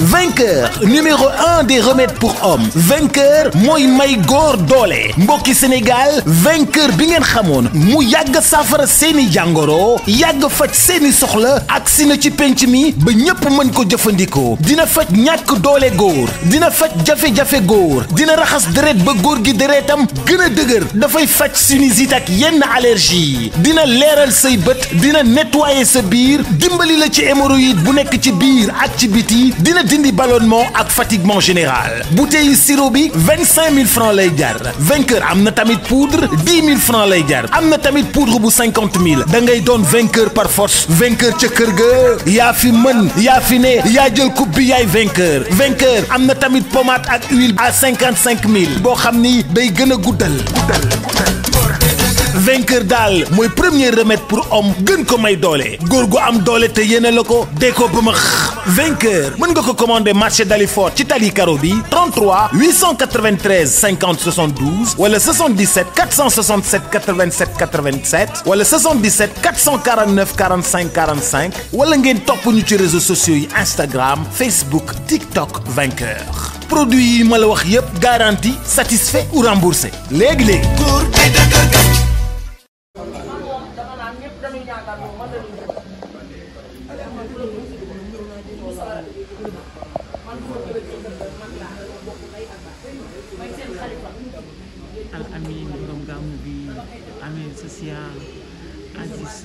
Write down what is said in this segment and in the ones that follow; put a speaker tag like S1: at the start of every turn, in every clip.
S1: vainqueur numéro un des remèdes pour hommes vainqueur mooy may góor doole mbokki Sénégal vainqueur bi ngeen xamoon mu yàgg saafara seeni jàngoro yàgg faj seeni soxla ak si na ci penc mi ba ñépp mën ko jëfandikoo dina faj ñàkk doole góor dina faj jafe-jafe góor dina raxas deret ba góor gi deretam gën a dëgër dafay faj sinusite ak yenn allergie dina leeral say bët dina nettoyer sa biir dimbali la ci hémorroïde bu nekk ci biir ak ci biti dina dindi ballonnement ak fatiguement général bouteille sirop bi vingt cinq mille francs lay jar vainqueur am na tamit poudre dix mille francs lay jar am na tamit poudre bu cinquante mille da ngay doon vainqueur par force vainqueur ca kër ga yaa fi mën yaa fi ne yaa jël coupe bi yaay vainqueur vainqueur am na tamit pommade ak huile à cinquante cinq mille boo xam ni day gën a guddal vainqueur daal mooy premier remède pour homme gën ko may doole góor gu am doole te yéene la ko dee ko ba ma vainqueur mën nga ko commander marché Dalifort ci tali karo bi 33 893 50 72 wala 77 467 87 87 wala 77 449 45 45 wala ngeen topp ñu ci réseaux sociaux yi Instagram Facebook TikTok vainqueur produit yi ma la wax yépp garantie satisfait ou remboursé léegi léegi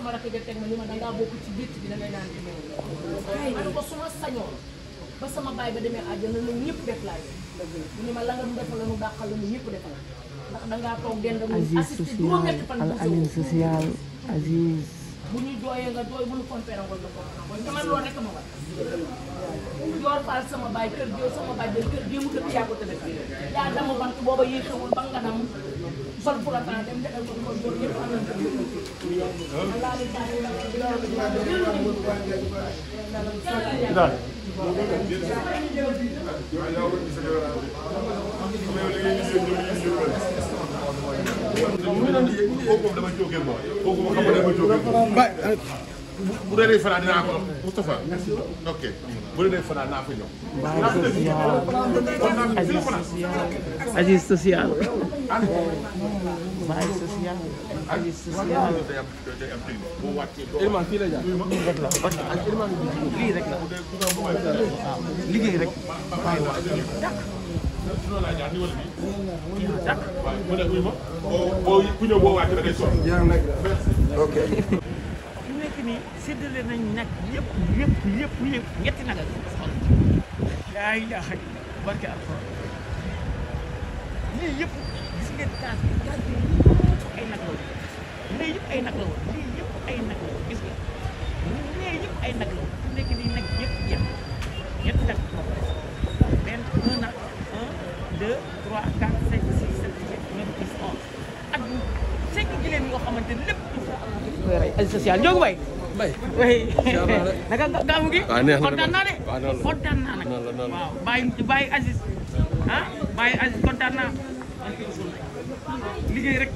S1: sama rakk ja teg ma ni ma dangaa bokk ci gétt bi da ngay naan ci loolu man ko su ma sañoon ba sama baay ba demee àjjana lu ñëpp def laay mu ni ma la nga mu defal la mu dàqal la mu ñëpp defal ndax dangaa toog dend mu assisté juróom-ñetti fan al amin social Aziz bu ñu jooyee nga jooy bu ñu compéré woon nga ko xam nga man loolu rek ma war joor faal sama baay kër gi sama baay jël kër gi mu dëkk yaa ko tëddee yaa dama bant booba yéexewul ba nga dam sol pour dem defal ko ko joor yëpp am na Bye. bu dee dee fanaan dinaa ko Moustapha ok bu dee dee fanaan naa ko ñëw. Agis
S2: social Agis social Agis social
S1: Irma fii la jaar lii rek la liggéey rek waaw d'accord boo ku ñëw boo wàcc da ngay sonn ok nii séddale nañ nag yëpp yëpp yëpp yëpp ñetti nag laa ilaaha illa barke alxuraan lii yëpp gis ngeen taas bi taas bi yëpp ay nag la woon lii yëpp ay nag la woon lii yëpp ay nag la woon gis nga lii yëpp ay nag la woon fu nekk nii nag yëpp yëpp ñetti nag benn un nag un deux trois quatre cinq six sept huit neuf dix onze ak cinq giléem yoo xamante lépp. ay social ñoo ngi
S2: way Mbaye. naka gàmmu gi. waaw neex na kontaan naa de. kontaan
S1: naa nag waaw bàyyi bàyyi Aziz ah bàyyi Aziz kontaan naa liggéey rek.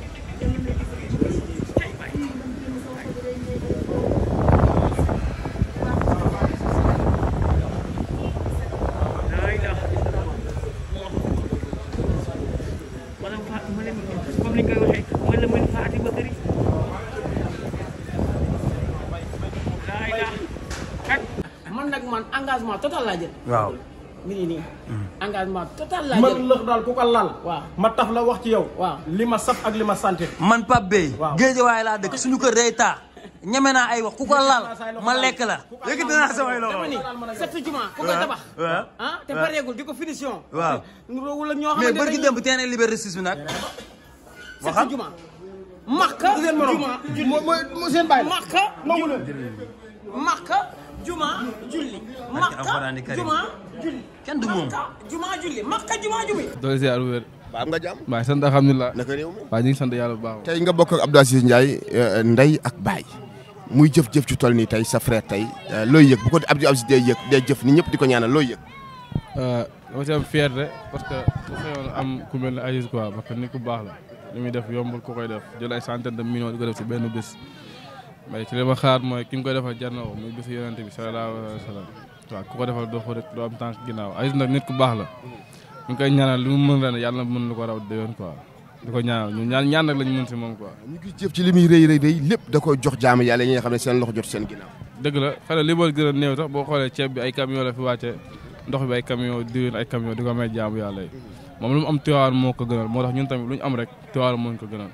S1: wala ma leen comme ni nga koy waxee wala ma leen fàtte ba bëri. engagement total laa jël. waaw ngi nii. Hmm. engagement total laa jël man lëx daal ku ko lal. waaw ma taf la wax ci yow. waaw li ma saf ak li ma santé man Pape Beye. waaw géejewaay laa dëkk suñu kër day taa. ñeme naa ay wax ku ko laal ma lekk la. léegi dinaa samay loxo dama ni sëtt juma ku koy tabax. ah te pareegul di ko finition. waaw ma mais bërki démb teenee liberté six nag. waxal sëtt juma. makka juma mooy juma julli. makka juma julli. kenn du moom makka juma julli makka juma julli. doole
S2: ziar bu wér. ba am nga jàmm. waaw sant alhamdulilah. naka réew mi
S3: waaw ñu ngi sant yàlla bu baax. tey nga bokk ak Abdou Aziz Ndiaye euh, ndey ak baay muy jëf-jëf ci toll nii tey sa frère tey euh, looy yëg bu ko Abdou Aziz day yëg day jëf ni ñëpp di ko ñaanal looy
S2: yëg. Euh, dama ci am fierté parce que ku xëyoon am ku mel ne Aziz quoi parce que nit ku baax la li muy def yombul ku koy def jël ay centaine de millions di ko def ci benn bés. mbay ci li ma xalaat mooy ki koy defal jar na ko muy bisu yonente bi sallallahu alayhi wa sallam waaw ku ko defal doo ko rek doo am ginnaaw Aziz ku baax la koy ñaanal li mu mën ren yàlla mën lu ko raw déwén quoi di ko ñaanal ñu ñaan ñaan nag si moom quoi ñu ngi
S3: jëf ci li muy rëy rëy lépp da koy jox jaam yàlla yi ne seen loxo jot seen ginnaaw
S2: dëgg la xëy boo xoolee ceeb bi ay camion la fi wàcce ndox bi ay camion diwén ay camion di ko may jaamu yàlla yi moom lu mu am moo ko moo tax ñun tamit lu ñu am rek Tiwaawan moo ko gënal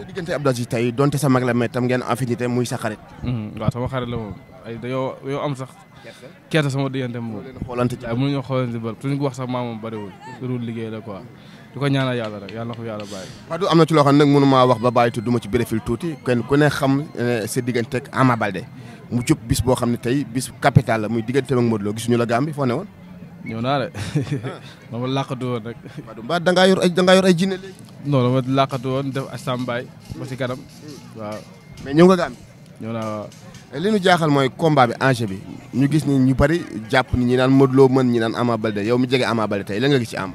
S3: te diggante Abdou Aziz tey donte sa mag la mais tam ngeen affinité muy sa xarit.
S2: Mm-hmm. waaw sama xarit la moom ay dañoo dañoo am sax. kersa sama diggante moom. xoolante ci mënuñoo xoolante ba wax la quoi. ko ñaanal yàlla rek yàlla
S3: na ko loo xam ne nag mënu wax ba bàyyi te du ma ci béréfil tuuti kenn ku ne xam eh, sa diggante ak Ama mu jub bis boo xam ne tey bis capital la muy diggante ak Modou Lo gisuñu la Gambie foo ne woon.
S2: ñëw naa de dama làqatu woon rek. mbaa da yor ay da ngaa yor ay jinne léegi. non dama làqatu woon def asambaay ba si kanam hmm. waaw. mais ñëw nga Gàmbi. ñëw
S3: eh, li ñu jaaxal mooy combat bi enjeu bi ñu gis ni ñu bari jàpp ni ñi naan Modou mën ñi naan Ama Baldé yow mu jege Ama Baldé tey lan nga gis ci Ama.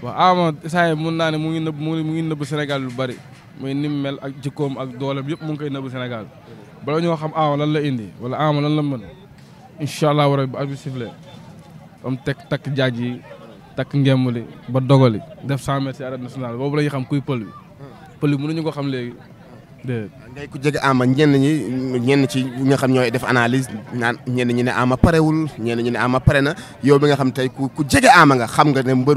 S2: waaw Ama saa mun naa ne mu ngi nëbb mu ngi nëbb Sénégal lu bari muy nim mel ak jikkoom ak dooleem yëpp mu ngi koy nëbb Sénégal bala ñoo xam Ama lan la indi wala Ama lan la mën incha am teg takk jaaj yi takk ngemb li ba dogali def 100 mètres ci nationale boobu la ñuy xam kuy pël bi pël bi mënuñu ko xam léegi déedéet. ngay ku jege ama ñenn
S3: ñi ci ñi nga ñooy def analyse naan ñenn ñi ne ama parewul ñenn ñi ne ama pare yow bi nga xam tey ku ku jege ama nga xam nga ne mbër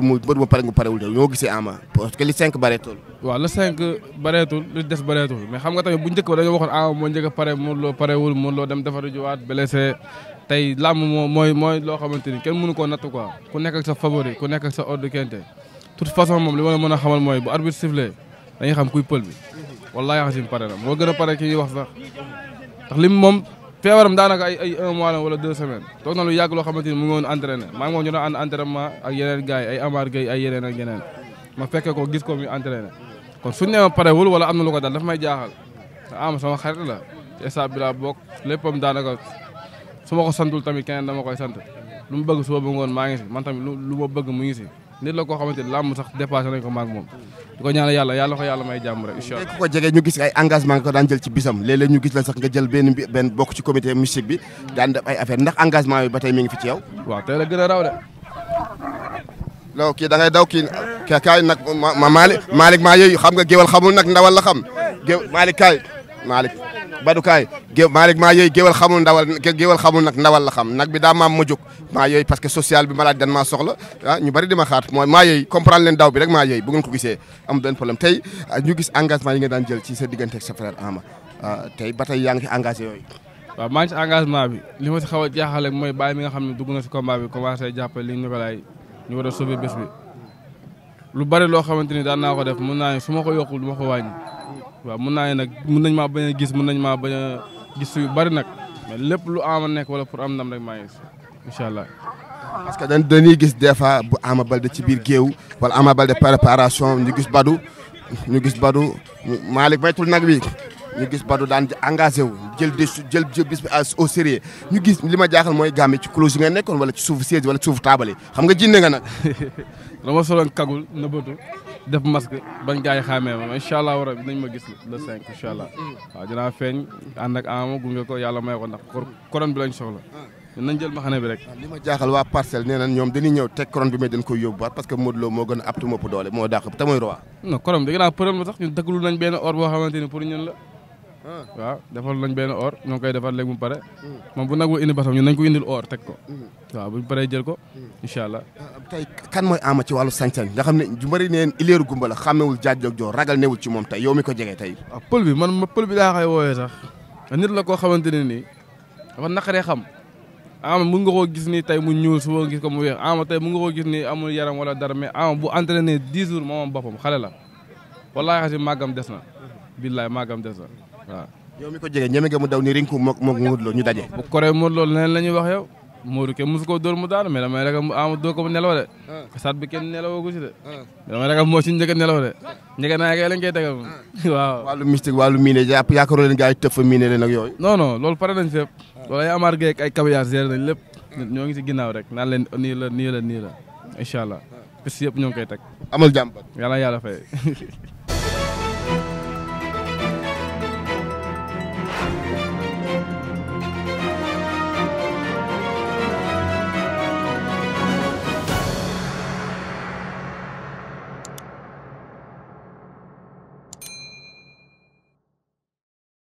S3: pare nga parewul te ñoo gisee ama parce que li 5
S2: bareetul. waaw li 5 bareetul li des bareetul mais xam nga tamit bu njëkk ba dañoo waxoon ama moo njëkk a pare loo parewul mënuloo dem defaru jiwaat blessé tey làmb moo mooy mooy loo xamante ni kenn mënu ko natt quoi ku nekk ak sa favori ku nekk ak sa ordre kente toute façon moom li ma la mën a xamal mooy bu arbitre sifflé dañuy xam kuy pël bi wallaay xasim pare na moo gën a pare ki ñuy wax sax ndax lim moom feebaram daanaka ay ay un mois wala deux semaines toog lu yàgg loo xamante ni mu ngi woon entraîné maa ngi woon ñu doon ànd yeneen gars yi ay Amar ay yeneen ak yeneen ma fekke ko gis ko muy entraîné kon suñu ne ma parewul wala am na lu ko dal daf may jaaxal te ama sama xarit la te stade bi laa bokk léppam daanaka su ma ko santul tamit keneen dama koy sant lu mu bëgg suba ba ngoon maa ngi si man tamit lu ma bëgg mu ngi si nit la ko a raw de
S3: loolu kii da ngay daw kii kaay nag ma Malick Malick xam nga géwal xamul nag ndawal la xam géw kaay Malick badukaay gé Malick maa yooyu géwal xamul ndawal géwal xamul nag ndawal la xam nag bi daa maam ma jóg maa yooyu parce que social bi ma laaj dan maa soxla ah ñu bari dima xaat mooy maa yooyu comprendre leen daw bi rek maa yooyu bu ngeen ko gisee am benn problème tey ah, ñu gis engagement yi nga daan jël ci sa diggante sa frère Ama ah, tey ba tey yaa ngi ci engagé
S2: yooyu waaw maa ngi engagement bi li ma si xaw a jaaxale mooy baa mi nga xam ne dugg na si bi commencé jàppale ko laay ñu war a lu bari loo xamante ni daan naa ko def mën naa ne ma ko yokkul ma ko wàññi waaw mun naa ne nag mun nañ maa bañ a gis mun nañ maa bañ a gis yu bari nag mais lépp lu ama nekk wala pour am nam rek maa ngi si allah.
S3: parce que dañ dañuy gis des bu Ama Baldé ci biir géew wala Ama Baldé préparation ñu gis Badou ñu gis Badou Malick baytul nag bi ñu gis Badou daan engagé wu jël des jël bis bi au ñu gis li ma jaaxal mooy Gambie ci close yi nga nekkoon wala ci suufu siège wala ci xam nga jinne nga nag.
S2: dama soloon kagul nëbbatu ma a gis le 5 incha allah. waaw dinaa feeñ ànd ama gunge ko yàlla may ko ndax couronne bi lañ soxla. nañ jël maxane rek. li jaaxal waa parcelle
S3: nee ñoom dañuy ñëw teg couronne bi mais dañ koy yóbbuwaat parce que Modou Lo moo gën a aptu doole moo dàq te mooy roi.
S2: da nga naan problème sax Ah. waaw defal nañ benn or ñoo koy defar léegi mu pare. moom bu nag moo indi basam ñun nañ ko indil or teg ko. Mm-hmm. waaw bu ñu paree jël ko. Mm-hmm. incha allah.
S3: Ah, tey kan mooy Ama ci wàllu sañ-sañ nga xam ne ju bëri neen ileeru gumba la xàmmewul jaaj ak joor ragal newul ci moom tey yow mi ko jege tey.
S2: waaw ah, pël bi man ma pël bi daa xay woowee sax nit la koo xamante ne nii dafa naqaree xam Ama mun nga koo gis ni tey mu ñuul suba nga gis ko mu weex Ama tey mu nga koo gis ni amul yaram wala dara mais Ama bu entraîné dix jours moomam boppam xale la wallaahi màggam des na mm-hmm. billaay màggam des
S3: waaw yow ko jege ñeme nga mu daw ni
S2: rinku mook mook Modou ñu daje bu koree Modou Lo leneen la ñuy wax yow Modou kenn mosu mu daanu mais damay rek am doo ko mu nelaw de ah. saat bi kenn nelawoo ko de ah. damay rek moo si njëkk nelaw de njëkk naa kay lañ koy tegal ah. wàllu mystique jàpp yaakaaroo leen gars yi tëf miine leen ak yooyu non non pare nañ fépp loolu ay amaar geek ay kabiyaar nañ lépp ñoo ngi si ginnaaw rek naan leen nii la nii la nii la yëpp ñoo ngi koy teg amal jàmm yàlla yàlla